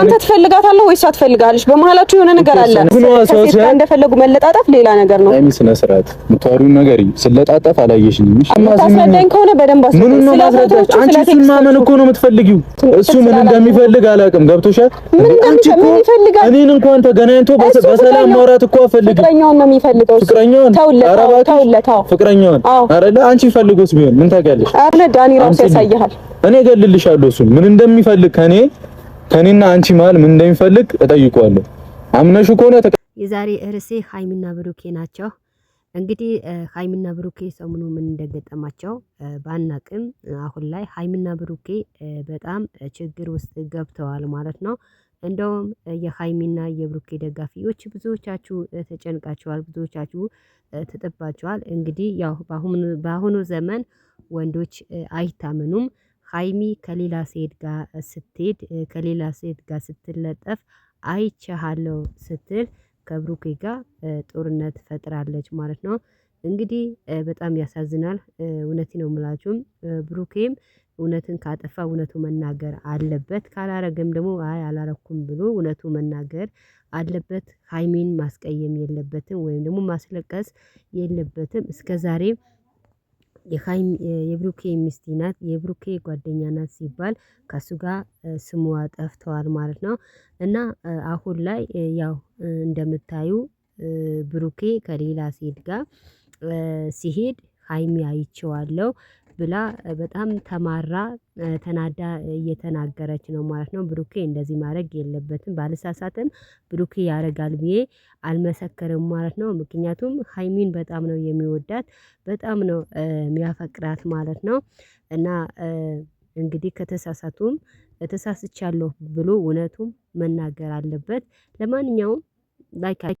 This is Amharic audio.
አንተ ትፈልጋታለህ ወይስ አትፈልጋለሽ? በመሀላችሁ የሆነ ነገር አለ። እንደፈለጉ መለጣጠፍ ሌላ ነገር ነው። አይ ስነ ስርዓት የምታወሪውን ነገር ስለጣጠፍ አላየሽኝም። ታስረዳኝ ከሆነ በደንብ አስረዳኝ። አንቺ እሱን ማመን እኮ ነው የምትፈልጊው። እሱ ምን እንደሚፈልግ አላውቅም። ገብቶሻል? ምን እንደሚፈልግ እኔን እንኳን ተገናኝቶ በሰላም ማውራት እኮ አፈልግም። ፍቅረኛውን ነው የሚፈልገው። ፍቅረኛውን ፍቅረኛውን አረዳ። አንቺ ፈልጎስ ቢሆን ምን ታውቂያለሽ? ዳኒ ራሱ ያሳይሃል። እኔ እገልልሻለሁ እሱን ምን እንደሚፈልግ ከእኔ ከኔና አንቺ መሀል ምን እንደሚፈልግ እጠይቀዋለሁ። አምነሹ ከሆነ የዛሬ እርሴ ሀይሚና ብሩኬ ናቸው። እንግዲህ ሀይሚና ብሩኬ ሰሙኑ ምን እንደገጠማቸው ባናቅም አሁን ላይ ሀይሚና ብሩኬ በጣም ችግር ውስጥ ገብተዋል ማለት ነው። እንደውም የሀይሚና የብሩኬ ደጋፊዎች ብዙዎቻችሁ ተጨንቃችኋል፣ ብዙዎቻችሁ ተጠባችኋል። እንግዲህ ያው በአሁኑ ዘመን ወንዶች አይታመኑም። ሀይሚ ከሌላ ሴት ጋር ስትሄድ ከሌላ ሴት ጋር ስትለጠፍ አይቻሃለው ስትል ከብሩኬ ጋር ጦርነት ፈጥራለች ማለት ነው። እንግዲህ በጣም ያሳዝናል እውነት ነው የምላችሁም ብሩኬም እውነትን ካጠፋ እውነቱ መናገር አለበት ካላረገም ደግሞ አይ አላረኩም ብሎ እውነቱ መናገር አለበት። ሀይሚን ማስቀየም የለበትም ወይም ደግሞ ማስለቀስ የለበትም እስከዛሬ የብሩኬ ሚስት ናት፣ የብሩኬ ጓደኛ ናት ሲባል ከሱ ጋር ስሟ ጠፍተዋል ማለት ነው። እና አሁን ላይ ያው እንደምታዩ ብሩኬ ከሌላ ሴት ጋር ሲሄድ ሃይሚ አይቼዋለሁ። ብላ በጣም ተማራ ተናዳ እየተናገረች ነው ማለት ነው። ብሩኬ እንደዚህ ማድረግ የለበትም ባልሳሳትም ብሩኬ ያደርጋል ብዬ አልመሰከርም ማለት ነው። ምክንያቱም ሀይሚን በጣም ነው የሚወዳት በጣም ነው የሚያፈቅራት ማለት ነው። እና እንግዲህ ከተሳሳቱም ተሳስቻለሁ ብሎ እውነቱም መናገር አለበት። ለማንኛውም ላይክ